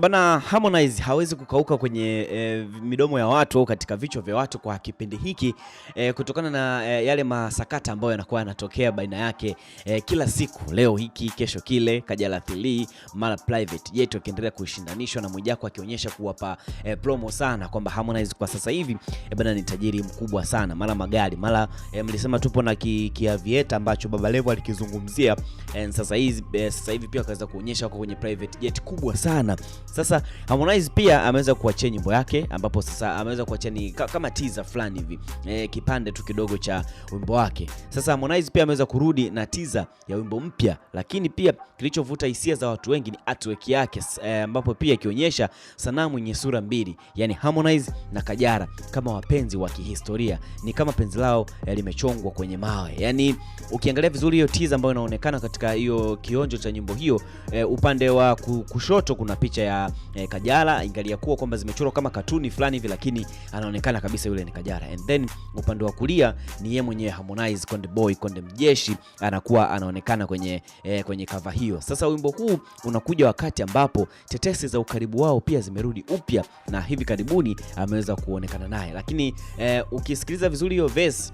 Bana Harmonize hawezi kukauka kwenye e, midomo ya watu au katika vichwa vya watu kwa kipindi hiki e, kutokana na e, yale masakata ambayo yanakuwa yanatokea baina yake e, kila siku, leo hiki, kesho kile, Kajala Three, mara Private Jet akiendelea kushindanishwa na Mwijaku akionyesha kuwapa e, promo sana kwamba Harmonize kwa sasa hivi e, bana ni tajiri mkubwa sana, mara magari, mara e, mlisema tupo na kiavieta ki ambacho Baba Levo alikizungumzia e, sasa hivi e, sasa hivi pia akaweza kuonyesha kwa kwenye private jet kubwa sana sasa Harmonize pia ameweza kuachia nyimbo yake ambapo sasa ameweza kuachia ni kama teaser fulani hivi e, kipande tu kidogo cha wimbo wake. Sasa Harmonize pia ameweza kurudi na teaser ya wimbo mpya, lakini pia kilichovuta hisia za watu wengi ni artwork yake e, ambapo pia ikionyesha sanamu yenye sura mbili, yani Harmonize na kajara kama wapenzi wa kihistoria, ni kama penzi lao eh, limechongwa kwenye mawe. Yani ukiangalia vizuri hiyo teaser ambayo inaonekana katika hiyo kionjo cha nyimbo hiyo e, upande wa kushoto kuna picha ya ya eh, Kajala ingalia kuwa kwamba zimechorwa kama katuni fulani hivi, lakini anaonekana kabisa yule ni Kajala. And then upande wa kulia ni yeye mwenyewe Harmonize, Konde Boy, Konde Mjeshi anakuwa anaonekana kwenye eh, kwenye kava hiyo. Sasa wimbo huu unakuja wakati ambapo tetesi za ukaribu wao pia zimerudi upya na hivi karibuni ameweza kuonekana naye, lakini eh, ukisikiliza vizuri hiyo verse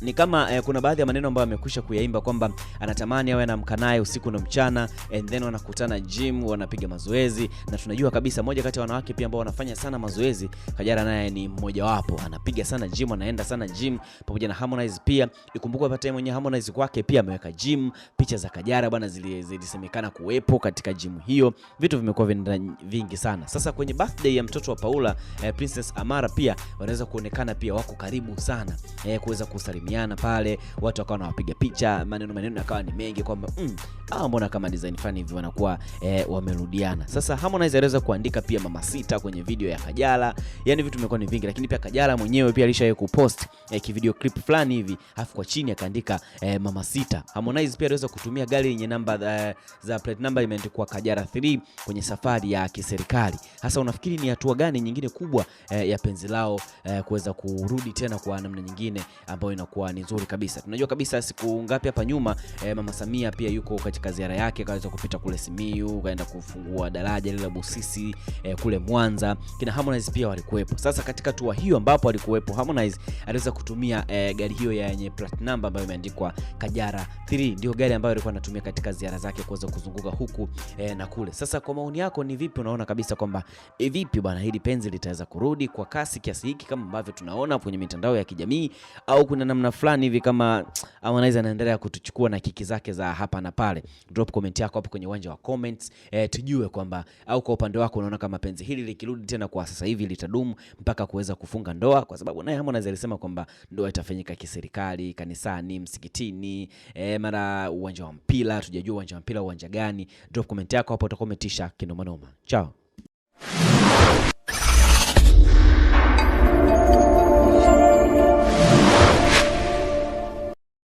ni kama eh, kuna baadhi ya maneno ambayo amekwisha kuyaimba kwamba anatamani awe anamka naye usiku na mchana, and then wanakutana gym, wanapiga mazoezi, na tunajua kabisa moja kati ya wanawake pia ambao wanafanya sana mazoezi, Kajala naye ni mmoja wapo, anapiga sana gym, anaenda sana gym pamoja na Harmonize pia. Ikumbukwe hata yeye mwenyewe Harmonize kwake pia ameweka gym, picha za Kajala bwana zilisemekana kuwepo katika gym hiyo, vitu vimekuwa vingi sana. Sasa kwenye birthday ya mtoto wa Paula, eh, Princess Amara pia wanaweza kuonekana pia wako karibu sana eh, kuweza kusalimia kusalimiana pale, watu wakawa wanawapiga picha, maneno maneno yakawa ni mengi kwamba mm, ah, mbona kama design fulani hivi wanakuwa eh, wamerudiana. Sasa Harmonize aliweza kuandika pia mama sita kwenye video ya Kajala, yani vitu vimekuwa ni vingi, lakini pia Kajala mwenyewe pia alishawahi kupost eh, kivideo clip fulani hivi, afu kwa chini akaandika eh, mama sita. Harmonize pia aliweza kutumia gari yenye namba uh, za plate number imeandikwa Kajala 3 kwenye safari ya kiserikali. Hasa unafikiri ni hatua gani nyingine kubwa eh, ya penzi lao eh, kuweza kurudi tena kwa namna nyingine ambayo inakuwa itakuwa ni nzuri kabisa. Tunajua kabisa siku ngapi hapa nyuma eh, mama Samia pia yuko katika ziara yake, kaweza kupita kule Simiyu, kaenda kufungua daraja lile la Busisi eh, kule Mwanza. Kina Harmonize pia walikuwepo. Sasa katika tour hiyo ambapo alikuwepo Harmonize aliweza kutumia eh, gari hiyo ya yenye plate number ambayo imeandikwa Kajara 3 ndio gari ambayo alikuwa anatumia katika ziara zake kuweza kuzunguka huku eh, na kule. Sasa kwa maoni yako ni vipi unaona kabisa kwamba eh, vipi bwana hili penzi litaweza kurudi kwa kasi kiasi hiki kama ambavyo tunaona kwenye mitandao ya kijamii au kuna namna namna fulani hivi kama Harmonize anaendelea kutuchukua na kiki zake za hapa na pale. Drop comment yako hapo kwenye uwanja wa comments e, tujue kwamba au kwa upande wako unaona kama penzi hili likirudi tena kwa sasa hivi litadumu mpaka kuweza kufunga ndoa, kwa sababu naye Harmonize alisema kwamba ndoa itafanyika kiserikali, kanisani, msikitini, e, mara uwanja wa mpira. Tujajua uwanja wa mpira uwanja gani? Drop comment yako hapo, utakometisha kinomanoma. Chao.